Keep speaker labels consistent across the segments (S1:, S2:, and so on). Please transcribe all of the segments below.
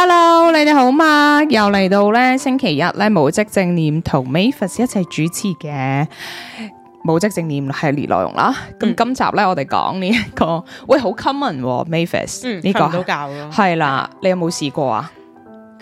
S1: hello，你哋好嘛？又嚟到咧星期一咧，無執正念同 May 法師一齊主持嘅無執正念系列內容啦。咁、嗯、今集咧，我哋講呢一個，喂好 common，May 法師，啊、is，嗯，瞓唔到係啦，你有冇試過啊？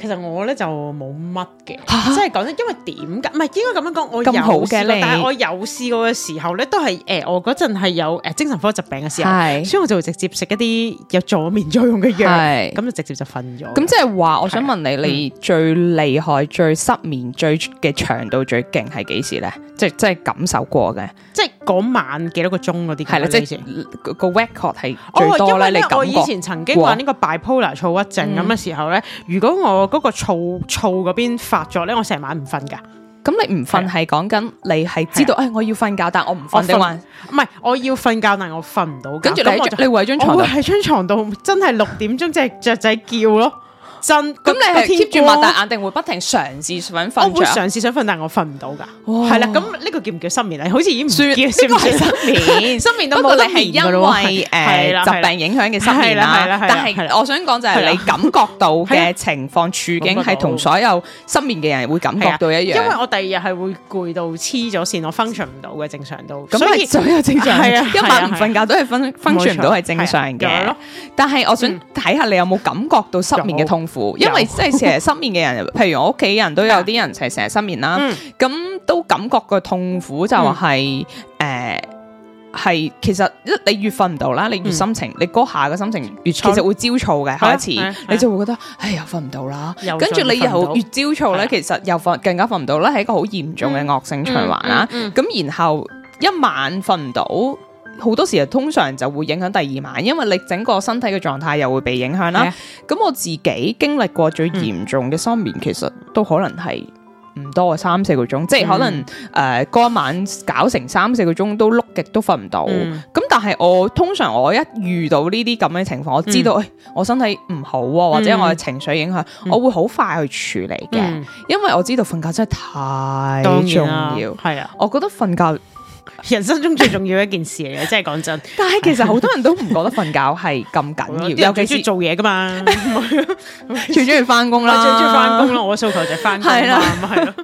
S2: 其實我咧就冇乜嘅，即係講真，因為點噶？唔係應該咁樣講，我有試，但係我有試過嘅時候咧，都係誒，我嗰陣係有誒精神科疾病嘅時候，所以我就直接食一啲有助眠作用嘅藥，咁就直接就瞓咗。咁即
S1: 係話，我想問你，你最厲害、最失眠、最嘅長度最勁係幾時咧？即係即係感受過嘅，即係嗰晚幾多個鐘嗰啲係即係個 record 係最多咧？你我以前曾經患呢
S2: 個 bipolar 躁鬱症咁嘅時候咧，如果我嗰個燥燥嗰邊發作咧，我
S1: 成晚唔瞓噶。咁、嗯、你唔瞓係講緊你係知道，嗯、哎，我要瞓覺，但我唔瞓得還
S2: 唔是係，我要瞓覺，但係我瞓唔到。跟住你你圍張床喺
S1: 張床度，真係六
S2: 點鐘即係雀仔叫咯。咁，你係 keep 住擘大眼，定會不停嘗試想瞓？我會嘗試想瞓，但係我瞓唔到㗎。係啦，咁呢個叫唔叫失眠啊？好似已經唔叫算唔係
S1: 失眠，失眠都冇疾病影響嘅失眠㗎咯。係啦，係啦，係啦。但係我想講就係你感覺到嘅情況處境係同所有失眠嘅人會感覺到一樣。因為我
S2: 第二日係會攰到黐咗線，我 function 唔到嘅正常到。咁所以所有正常係啊，一晚唔瞓覺
S1: 都係 function 唔到係正常嘅。但係我想睇下你有冇感覺到失眠嘅痛苦。因為即係成日失眠嘅人，譬如我屋企人都有啲人係成日失眠啦，咁都感覺個痛苦就係誒係其實一你越瞓唔到啦，你越心情，你嗰下嘅心情越其實會焦躁嘅，下一次你就會覺得哎呀瞓唔到啦，跟住你又越焦躁咧，其實又瞓更加瞓唔到啦，係一個好嚴重嘅惡性循環啦。咁然後一晚瞓唔到，好多時候通常就會影響第二晚，因為你整個身體嘅狀態又會被影響啦。咁是、啊、我自己經歷過最嚴重嘅失眠，嗯、其實都可能係唔多啊，三四個鐘，嗯、即係可能誒嗰、呃、晚搞成三四個鐘都碌極都瞓唔到。咁、嗯、但係我通常我一遇到呢啲咁嘅情況，我知道、嗯哎、我身體唔好啊，或者我嘅情緒影響，嗯、我會好快去處理嘅，嗯、因為我知道瞓覺真係太重要。係然啊，我覺得瞓覺。人生中最
S2: 重要一件事嚟嘅，即係講真。但係其實好多人都唔覺得瞓覺係咁緊要，尤其是做
S1: 嘢噶嘛，最中意翻工啦，最中意翻工啦。我訴求就係翻工啦，係咯。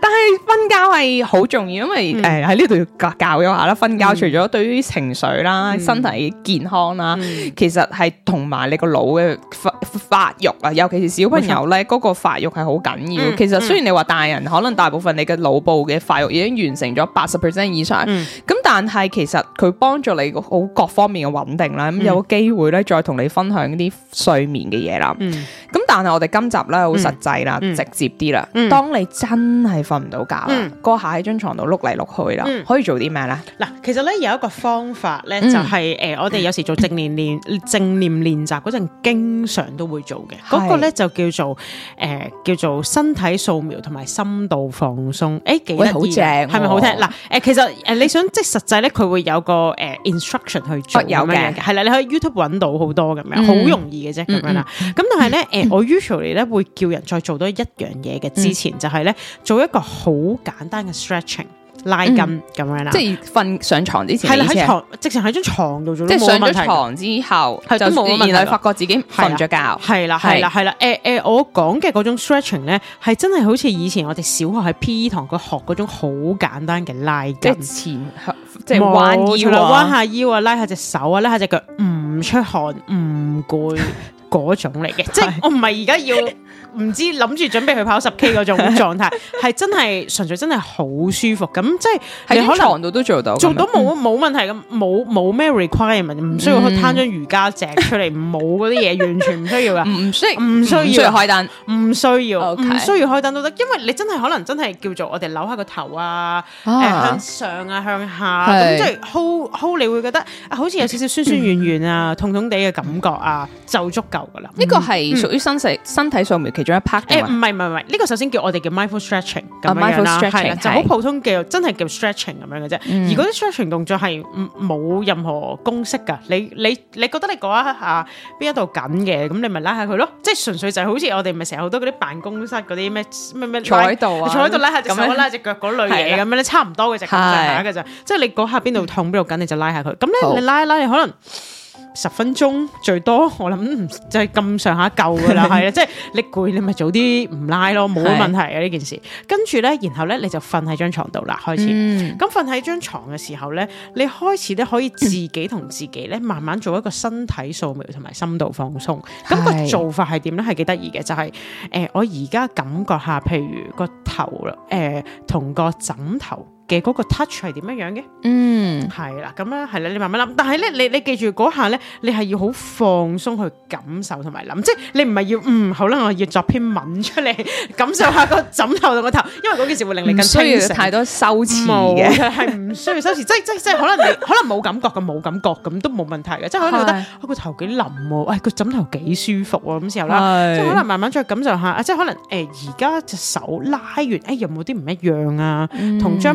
S1: 但係瞓覺係好重要，因為誒喺呢度要教教咗下啦。瞓覺除咗對於情緒啦、身體健康啦，其實係同埋你個腦嘅發發育啊，尤其是小朋友咧，嗰個發育係好緊要。其實雖然你話大人，可能大部分你嘅腦部嘅發育已經完成咗八十 percent 以上。嗯，咁但係其實佢幫助你好各方面嘅穩定啦，咁、嗯、有機會咧再同你分享啲睡眠嘅嘢啦。咁但係我哋今集咧好實際啦，直接啲啦。嗯，當你真係瞓唔到覺啦，嗯、過下喺張床度碌嚟碌去啦，嗯、可以做啲咩咧？嗱，其實
S2: 咧有一個方法咧，就係誒，我哋有時做正念練、嗯、正念練習嗰陣，經常都會做嘅。嗰是個咧就叫做誒，叫做身體掃描同埋深度放鬆。誒、欸，幾好正，係咪、欸、好聽？嗱，誒，其實。你想即係實際咧，佢會有個誒 instruction、呃、去做咁嘅，係啦、哦，你可以 YouTube 揾到好多咁樣，好、嗯、容易嘅啫咁樣啦。咁但係咧，誒、嗯呃、我 usually 咧會叫人再做多一樣嘢嘅，之前、嗯、就係咧做一個好簡單嘅 stretching。拉筋咁樣啦，即係瞓上床之前，喺喺床直情喺張床度做，即係上咗床之
S1: 後，係都冇問題，然後發覺自己瞓咗覺，係啦，係啦，係啦。
S2: 誒誒，我講嘅嗰種 stretching 咧，係真係好似以前我哋小學喺 PE 堂佢學嗰種好簡單嘅拉筋，即係前即係彎腰彎下腰啊，拉下隻手啊，拉下隻腳，唔出汗，唔攰嗰種嚟嘅。即係我唔係而家要。唔知諗住準備去跑十 K 嗰種狀態，係真係純粹真係好舒服。咁即係喺床度都做到，做到冇冇問題。咁冇冇咩 requirement，唔需要去攤張瑜伽蓆出嚟，冇嗰啲嘢，完全唔需要噶唔需唔需要開燈，唔需要唔需要開燈都得。因為你真係可能真係叫做我哋扭下個頭啊，向上啊向下咁，即係 hold hold 你會覺得好似有少少酸酸軟軟啊、痛痛地嘅感覺啊，就足
S1: 夠噶啦。呢個係屬於身體身體上面做一 part 誒，唔係唔
S2: 係唔係，呢個首先叫我哋叫 mindful stretching 咁樣啦，係啦，就好普通嘅，真係叫 stretching 咁樣嘅啫。而嗰啲 stretching 動作係冇任何公式噶，你你你覺得你嗰一下邊一度緊嘅，咁你咪拉下佢咯，即係純粹就係好似我哋咪成日好多嗰啲辦公室嗰啲咩咩咩坐喺度啊，坐喺度拉下隻手，拉隻腳嗰類嘢咁樣咧，差唔多嘅就咁上下嘅啫。即係你嗰下邊度痛邊度緊，你就拉下佢。咁咧你拉一拉，你可能，十分鐘最多，我諗就係咁上下夠噶啦，係啊， 即係你攰，你咪早啲唔拉咯，冇問題嘅呢是件事。跟住咧，然後咧，你就瞓喺張床度啦，開始。咁瞓喺張床嘅時候咧，你開始咧可以自己同自己咧慢慢做一個身體掃描同埋深度放鬆。咁個是做法係點咧？係幾得意嘅，就係、是、誒、呃，我而家感覺下，譬如個頭誒，同、呃、個枕頭。嘅嗰個 touch 係點樣樣嘅？嗯，係啦，咁樣係啦，你慢慢諗。但係咧，你你記住嗰下咧，你係要好放鬆去感受同埋諗，即係你唔係要嗯，好啦，我要作篇文出嚟感受下個枕頭同個頭，因為嗰件事會令你更需要太多羞恥嘅，係唔需要羞恥。即係即係即係可能你可能冇感覺咁冇感覺咁都冇問題嘅。即係可能覺得個頭幾腍喎，喂，個枕頭幾舒服喎，咁時候啦。即係可能慢慢再感受下，即係可能誒而家隻手拉完，誒有冇啲唔一樣啊？同張。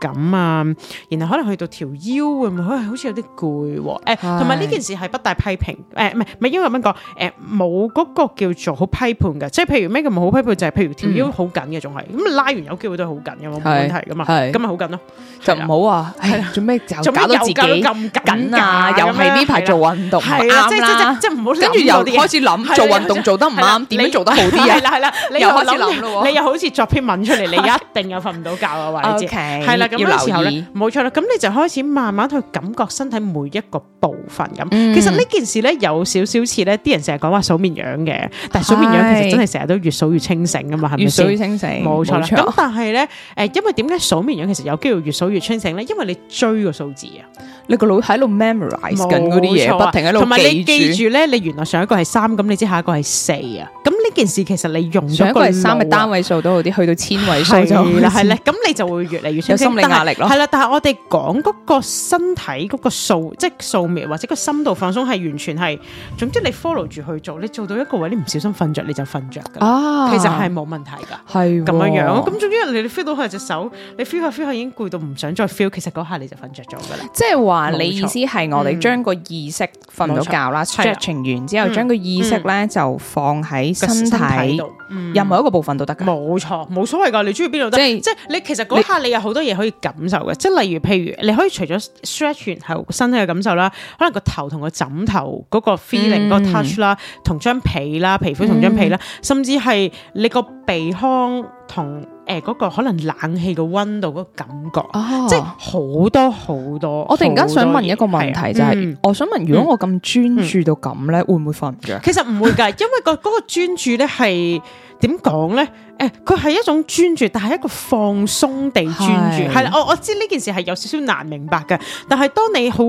S2: 咁啊，然後可能去到條腰會唔會好似有啲攰。誒，同埋呢件事係不大批評。誒，唔係唔係，因為咁樣講，誒冇嗰個叫做好批判嘅，即係譬如咩叫好批判就係，譬如條腰好
S1: 緊嘅仲係，咁
S2: 拉完有機會都係好緊有冇問題噶嘛。係，咁咪好緊咯，
S1: 就唔好話做咩搞到自己咁緊啊！又係呢排做運動唔啱啦，即即即即唔好。跟住又開始諗做運動做得唔啱，點樣做得好啲啊？係啦係啦，你又開始諗你又
S2: 好似作篇文出嚟，你一定又瞓唔到覺啊！或者。知，係啦。要留意，冇錯啦。咁你就開始慢慢去感覺身體每一個部分咁。其實呢件事咧，有少少似咧，啲人成日講話數綿羊嘅，但係數綿羊其實真係成日都越數越清醒噶嘛，係咪先？越數越清醒，冇錯啦。咁但係咧，誒，因為點解咧？數綿羊其實有機會越數越清醒咧，因為你追個數字啊，
S1: 你個腦喺度 memorise 緊嗰啲嘢，不停喺度同埋你記住咧。你
S2: 原來上一個係三，咁你知下一個係四啊。咁呢件事其實你用咗一個係三嘅單位數都
S1: 好啲，去到千位數就千啦，係咧。
S2: 咁你就會越嚟越清醒。壓力咯，係啦，但係我哋講嗰個身體嗰個掃，即係掃描或者個深度放鬆，係完全係，總之你 follow 住去做，你做到一個位，你唔小心瞓着，你就瞓着噶啊，其實係冇問題噶，係
S1: 咁樣樣。咁總
S2: 之你 feel 到佢隻手，你 feel 下 feel 下已經攰到唔想再 feel，其實嗰下你就瞓着咗噶
S1: 啦。即係話你意思係我哋將個意識瞓到覺啦 stretching 完之後，將個意識咧就放喺身體度，任何一個部分都得噶。冇
S2: 錯，冇所謂噶，你中意邊度得。即係即係你其實嗰下你有好多嘢可以。感受嘅，即係例如，譬如你可以除咗 stretch 完後身體嘅感受啦，可能個頭同個枕頭嗰個 feeling、嗰個 touch 啦，同張被啦、皮膚同張被啦，嗯、甚至係你個鼻腔同。誒，嗰個可能冷氣嘅温度嗰個感覺，即係
S1: 好多好多。我突然間想問一個問題就係，我想問，如果我咁專注到咁咧，會唔會瞓唔着？其
S2: 實唔會噶，因為個嗰個專注咧係點講咧？誒，佢係一種專注，但係一個放鬆地專注。係啦，我我知呢件事係有少少難明白嘅，但係當你好，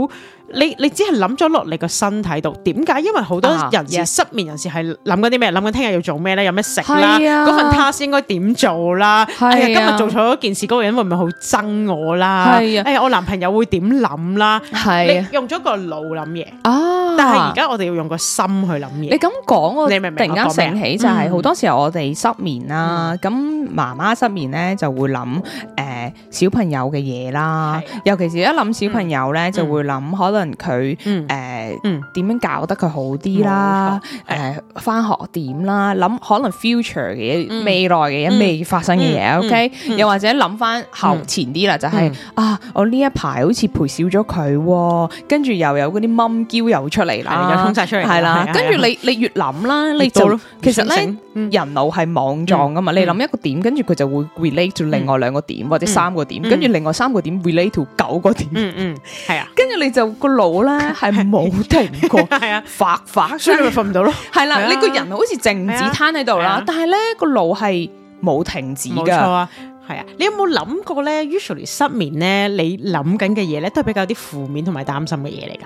S2: 你你只係諗咗落你個身體度，點解？因為好多人失眠人士係諗緊啲咩？諗緊聽日要做咩咧？有咩食啦？嗰份 task 應該點做啦？係啊，今日做錯咗件事，嗰個人會唔會好憎我啦？係啊，誒，我男朋友會
S1: 點諗啦？係，
S2: 用咗個腦諗嘢，哦，
S1: 但係而家
S2: 我哋要用個心
S1: 去諗嘢。你咁講我突然間醒起，就係好多時候我哋失眠啦，咁媽媽失眠咧，就會諗誒小朋友嘅嘢啦，尤其是一諗小朋友咧，就會諗，可能佢誒嗯點樣搞得佢好啲啦，誒翻學點啦，諗可能 future 嘅未來嘅嘢未發生嘅嘢。OK，又或者諗翻後前啲啦，就係啊，我呢一排好似陪少咗佢，跟住又有嗰啲蚊嬌又出嚟啦，又衝晒出嚟，係啦。跟住你你越諗啦，你就其實咧人腦係網狀噶嘛，你諗一個點，跟住佢就會 relate 到另外兩個點或者三個點，跟住另外三個點 relate 到九個點，嗯嗯，係啊。跟住你就個腦咧係冇停過，係啊，發發，所以咪瞓唔到咯。係啦，你個人好似靜止攤喺度啦，但係咧個腦係。冇
S2: 停止噶、冇錯啊，係啊！你有冇諗過咧？Usually 失眠咧，你諗緊嘅嘢咧，都係比較啲負面同埋擔心嘅嘢嚟噶。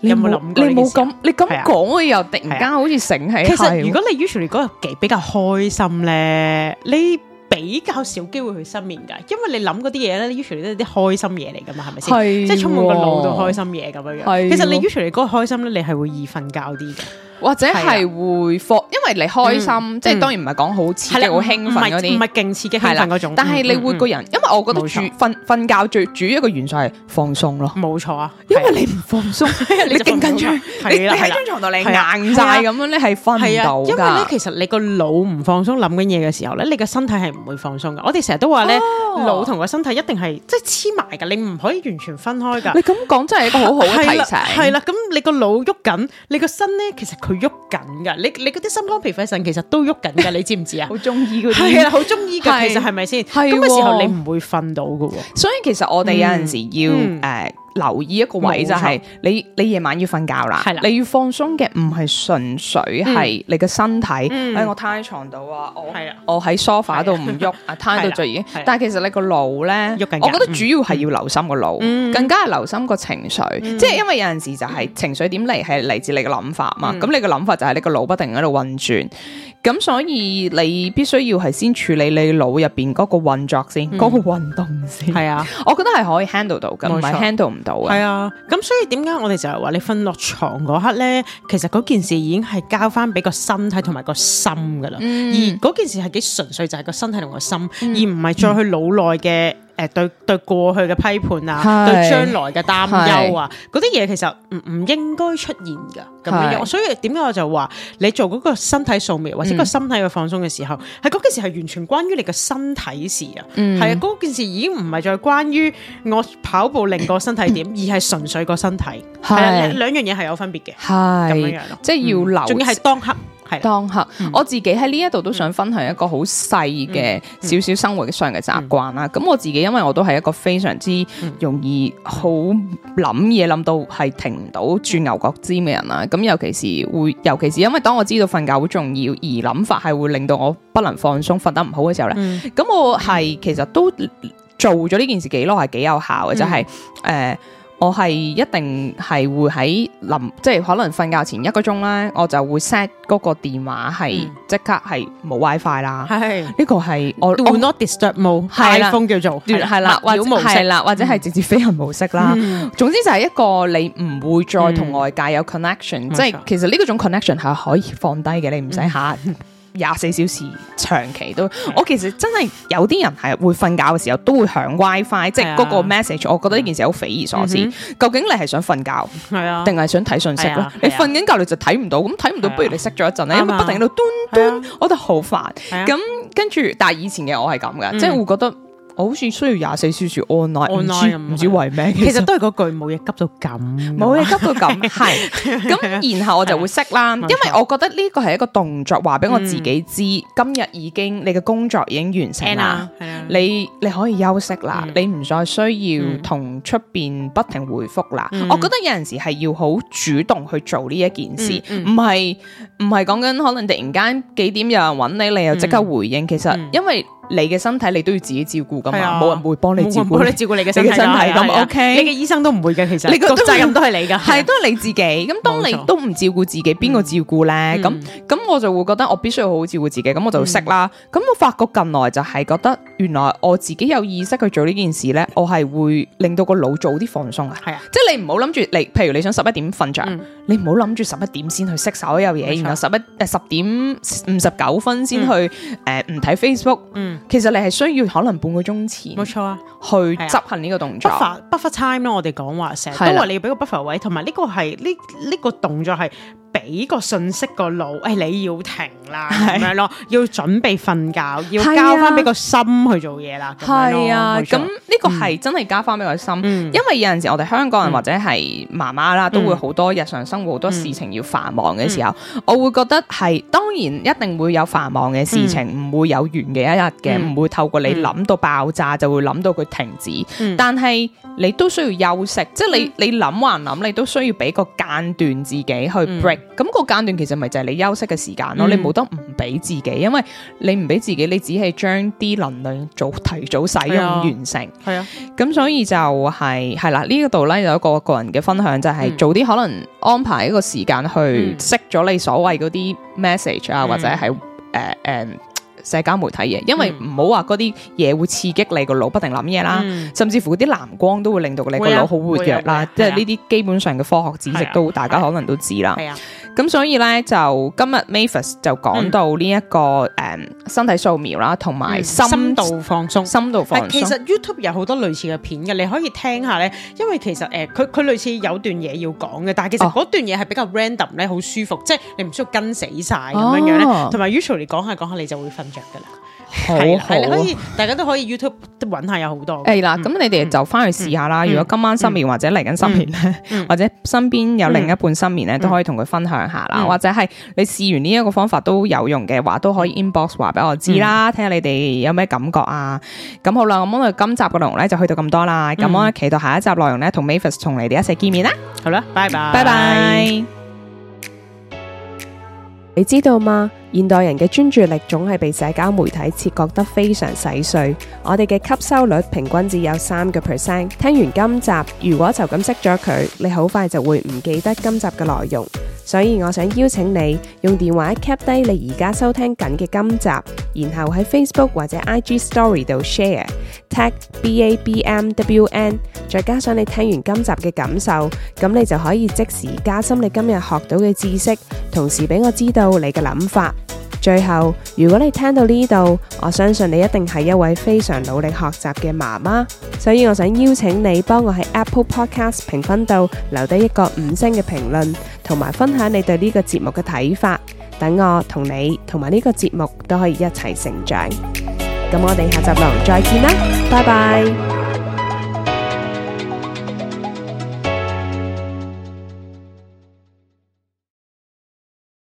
S1: 你有冇諗過？你冇咁，你咁講我又突然間好似醒起、啊。其實如果
S2: 你 Usually 嗰日幾
S1: 比較開心咧，
S2: 你比較少機會去失眠噶，因為你諗嗰啲嘢咧，Usually 都係啲開心嘢嚟噶嘛，係咪先？啊、即係充滿個腦都開心嘢咁樣樣。啊啊、其實你 Usually 嗰個開心咧，你係會易瞓覺啲嘅。
S1: 或者係會放，因為你開心，即係當然唔係講好刺激、好興奮嗰啲，唔係勁刺激興奮嗰種。但係你會個人，因為我覺得瞓瞓覺最主要一個元素係放鬆咯。冇錯啊，因為你唔放鬆，你勁緊張，你喺張床度你硬晒咁
S2: 樣咧，係瞓唔到噶。因為咧其實你個腦唔放鬆諗緊嘢嘅時候咧，你個身體係唔會放鬆噶。我哋成日都話咧，腦同個身體一定係即係黐埋噶，你唔可以完全分開噶。你咁講真係一個好好嘅提醒。係啦，咁你個腦喐緊，你個身咧其實。佢喐緊㗎，你你嗰啲心肝脾肺腎其實都喐緊㗎，你知唔知啊？好鍾意嗰好鍾意其實係咪先？咁嘅時候你唔
S1: 會瞓到嘅喎。所以其實我哋有陣時要、嗯 uh, 留意一個位就係你，你夜晚要瞓覺啦。係啦，你要放鬆嘅唔係純粹係你嘅身體。嗯，誒，我攤喺牀度啊，我我喺 sofa 度唔喐啊，攤到就已經。但係其實你個腦咧，我覺得主要係要留心個腦，更加係留心個情緒。即係因為有陣時就係情緒點嚟，係嚟自你嘅諗法嘛。咁你嘅諗法就係你個腦不停喺度運轉。咁所以你必須要係先處理你腦入邊嗰個運作先，嗰個運動先。係啊，我覺得係可以 handle 到
S2: 嘅，唔係 handle
S1: 唔到啊。係啊，咁
S2: 所以點解我哋就係話你瞓落牀嗰刻咧，其實嗰件事已經係交翻俾個身體同埋個心噶啦。而嗰件事係幾純粹就係個身體同個心，而唔係再去腦內嘅。誒，對對過去嘅批判啊，是對將來嘅擔憂啊，嗰啲嘢其實唔唔應該出現噶，咁樣樣。所以點解我就話你做嗰個身體掃描或者個身體嘅放鬆嘅時候，係嗰件事係完全關於你嘅身體事啊。係啊、嗯，嗰件事已經唔係再關於我跑步
S1: 令個身體點，嗯、而係純粹個身體。係啊是，兩
S2: 樣嘢係有分別嘅。係咁樣樣咯，即係要留。仲要係
S1: 當刻。當刻，嗯、我自己喺呢一度都想分享一個好細嘅少少生活嘅上嘅習慣啦。咁、嗯、我自己因為我都係一個非常之容易好諗嘢諗到係停唔到鑽牛角尖嘅人啦。咁尤其是會，尤其是因為當我知道瞓覺好重要，而諗法係會令到我不能放鬆、瞓得唔好嘅時候咧，咁、嗯、我係其實都做咗呢件事幾耐，係幾有效嘅，嗯、就係、是、誒。呃我係一定係會喺臨，即係可能瞓覺前一個鐘咧，我就會 set 嗰個電話係即刻係冇 WiFi 啦。係呢、嗯、個係我 Do not disturb mode，iPhone 叫做係啦，或者係啦，或者係直接飛行模式啦。嗯嗯、總之就係一個你唔會再同外界有 connection，即係、嗯、其實呢個種 connection 係可以放低嘅，嗯、你唔使吓。嗯廿四小時長期都，啊、我其實真係有啲人係會瞓覺嘅時候都會響 WiFi，啊、即係嗰個 message。我覺得呢件事好匪夷所思。嗯、哼究竟你係想瞓覺，係啊，定係想睇信息咧？啊啊、你瞓緊覺你就睇唔到，咁睇唔到不如你熄咗一陣咧，啊、因為不停喺度嘟嘟，啊、我覺得好煩。咁跟住，但係以前嘅我係咁嘅，即係、啊、會覺得。我好似需要廿四小時 online，online，唔知為咩？其實都係嗰句冇嘢急到咁，冇嘢急到咁，係咁，然後我就會熄啦。因為我覺得呢個係一個動作，話俾我自己知，今日已經你嘅工作已經完成啦，你你可以休息啦，你唔再需要同出邊不停回覆啦我覺得有陣時係要好主動去做呢一件事，唔係唔係講緊可能突然間幾點有人揾你，你又即刻回應。其實因為。你嘅身體你都要自己照顧噶嘛，冇人會幫你照顧你嘅身體，咁 OK，你嘅醫生都唔會嘅，其實你個責任都係你噶，係都係你自己。咁當你都唔照顧自己，邊個照顧咧？咁咁我就會覺得我必須要好好照顧自己。咁我就識啦。咁我發覺近來就係覺得，原來我自己有意識去做呢件事咧，我係會令到個腦早啲放鬆啊。係啊，即係你唔好諗住你，譬如你想十一點瞓着。你唔好諗住十一點先去熄手嗰樣嘢，然後十一誒十點五十九分先去誒唔睇 Facebook。嗯，呃、book, 嗯其實你係需要可能半個鐘前，冇錯啊，去執行呢個動作。buffer
S2: buffer time 咯，啊、 我哋講話成日都話你要俾個 buffer 位，同埋呢個係呢呢個動作係。俾個信息個腦，誒你要停啦咁咯，要準備瞓覺，要交返俾個心去做嘢啦咁啊，
S1: 咁呢個係真係交返俾個心，因為有陣時我哋香港人或者係媽媽啦，都會好多日常生活好多事情要繁忙嘅時候，我會覺得係當然一定會有繁忙嘅事情，唔會有完嘅一日嘅，唔會透過你諗到爆炸就會諗到佢停止。但係你都需要休息，即係你你諗還諗，你都需要俾個間斷自己去 break。咁個間段其實咪就係你休息嘅時間咯，嗯、你冇得唔俾自己，因為你唔俾自己，你只係將啲能量早提早使用完成，係啊，咁、啊、所以就係、是、係啦，呢個度咧有一個個人嘅分享就係、是、早啲可能安排一個時間去識咗你所謂嗰啲 message 啊，或者係誒誒。Uh, uh, 社交媒體嘢，因為唔好話嗰啲嘢會刺激你個腦，不停諗嘢啦，嗯、甚至乎嗰啲藍光都會令到你個腦好活躍啦，啊啊、即係呢啲基本上嘅科學知識、啊、都大家可能都知道啦。咁所以咧就今日 Mavis 就講到呢、這、一個誒、嗯嗯、身體掃描啦，同埋深度放鬆、深度放鬆其實
S2: YouTube 有好多類似嘅片嘅，你可以聽下咧，因為其實誒佢佢類似有段嘢要講嘅，但係其實嗰段嘢係比較 random 咧，好舒服，哦、即係你唔需要跟死晒咁、哦、樣樣咧，同埋 Usually 你講下講下你就會瞓着噶啦。
S1: 好好，可以，
S2: 大家都可以 YouTube 搵下有好多。係啦，咁
S1: 你哋就翻去試下啦。如果今晚失眠或者嚟緊失眠咧，或者身邊有另一半失眠咧，都可以同佢分享下啦。或者係你試完呢一個方法都有用嘅話，都可以 inbox 話俾我知啦。聽下你哋有咩感覺啊？咁好啦，咁我哋今集嘅內容咧就去到咁多啦。咁我期待下一集內容咧，同 Mavis 同你哋一齊見面啦。好啦，拜拜，拜拜。你知道嗎？現代人嘅專注力總係被社交媒體切割得非常細碎，我哋嘅吸收率平均只有三個 percent。聽完今集，如果就咁識咗佢，你好快就會唔記得今集嘅內容。所以我想邀請你用電話 cap 低你而家收聽緊嘅今集，然後喺 Facebook 或者 IG Story 度 share，tag B A B M W N，再加上你聽完今集嘅感受，咁你就可以即時加深你今日學到嘅知識，同時俾我知道你嘅諗法。最後，如果你聽到呢度，我相信你一定係一位非常努力學習嘅媽媽，所以我想邀請你幫我喺 Apple Podcast 評分度留低一個五星嘅評論，同埋分享你對呢個節目嘅睇法，等我同你同埋呢個節目都可以一齊成長。咁我哋下集錄再見啦，拜拜。